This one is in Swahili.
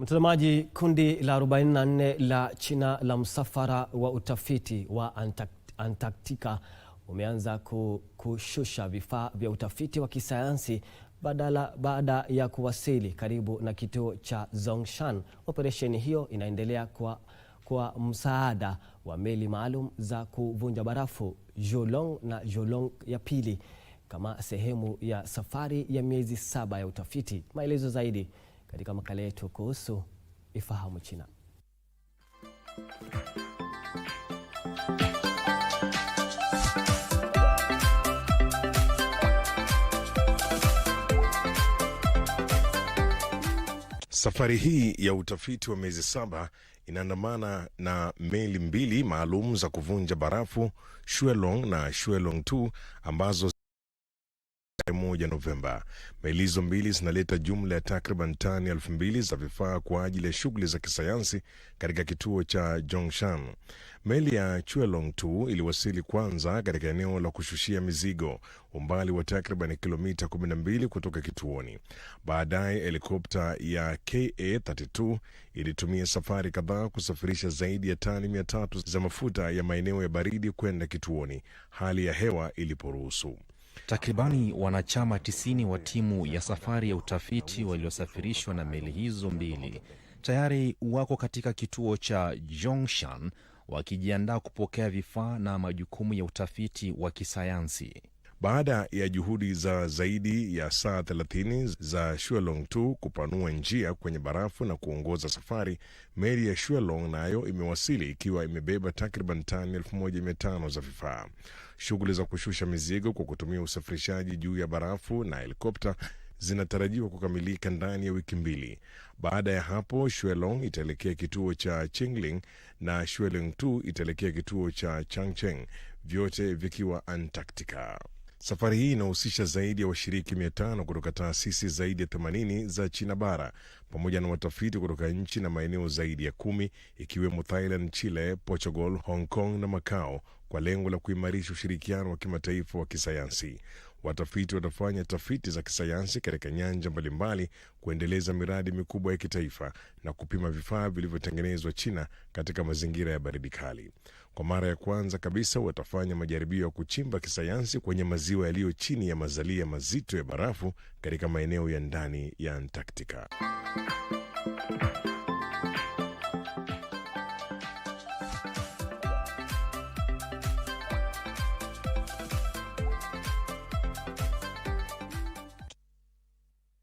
Mtazamaji, kundi la 44 la China la msafara wa utafiti wa Antarctica umeanza kushusha vifaa vya utafiti wa kisayansi badala baada ya kuwasili karibu na kituo cha Zhongshan. Operesheni hiyo inaendelea kwa, kwa msaada wa meli maalum za kuvunja barafu Zholong na Zholong ya pili kama sehemu ya safari ya miezi saba ya utafiti. Maelezo zaidi katika makala yetu kuhusu Ifahamu China. Safari hii ya utafiti wa miezi saba inaandamana na meli mbili maalum za kuvunja barafu Shuelong na Shuelong 2 ambazo tarehe moja Novemba. Meli hizo mbili zinaleta jumla ya takriban tani elfu mbili za vifaa kwa ajili ya shughuli za kisayansi katika kituo cha Jongshan. Meli ya Chuelong tu iliwasili kwanza katika eneo la kushushia mizigo umbali wa takriban kilomita 12 kutoka kituoni. Baadaye helikopta ya KA32 ilitumia safari kadhaa kusafirisha zaidi ya tani tatu za mafuta ya maeneo ya baridi kwenda kituoni hali ya hewa iliporuhusu. Takribani wanachama 90 wa timu ya safari ya utafiti waliosafirishwa na meli hizo mbili tayari wako katika kituo cha Jongshan wakijiandaa kupokea vifaa na majukumu ya utafiti wa kisayansi. Baada ya juhudi za zaidi ya saa 30 za Shualong-2 kupanua njia kwenye barafu na kuongoza safari, meli ya Shualong nayo na imewasili ikiwa imebeba takriban tani 1500 za vifaa. Shughuli za kushusha mizigo kwa kutumia usafirishaji juu ya barafu na helikopta zinatarajiwa kukamilika ndani ya wiki mbili. Baada ya hapo, Shuelong itaelekea kituo cha Chingling na Shuelong 2 itaelekea kituo cha Changcheng, vyote vikiwa Antarctica. Safari hii inahusisha zaidi ya washiriki mia tano kutoka taasisi zaidi ya 80 za China bara pamoja na watafiti kutoka nchi na maeneo zaidi ya kumi ikiwemo Thailand, Chile, Portugal, Hong Kong na macao kwa lengo la kuimarisha ushirikiano wa kimataifa wa kisayansi watafiti watafanya tafiti za kisayansi katika nyanja mbalimbali kuendeleza miradi mikubwa ya kitaifa na kupima vifaa vilivyotengenezwa China katika mazingira ya baridi kali. Kwa mara ya kwanza kabisa watafanya majaribio ya kuchimba kisayansi kwenye maziwa yaliyo chini ya mazalia mazito ya barafu katika maeneo ya ndani ya Antarktika.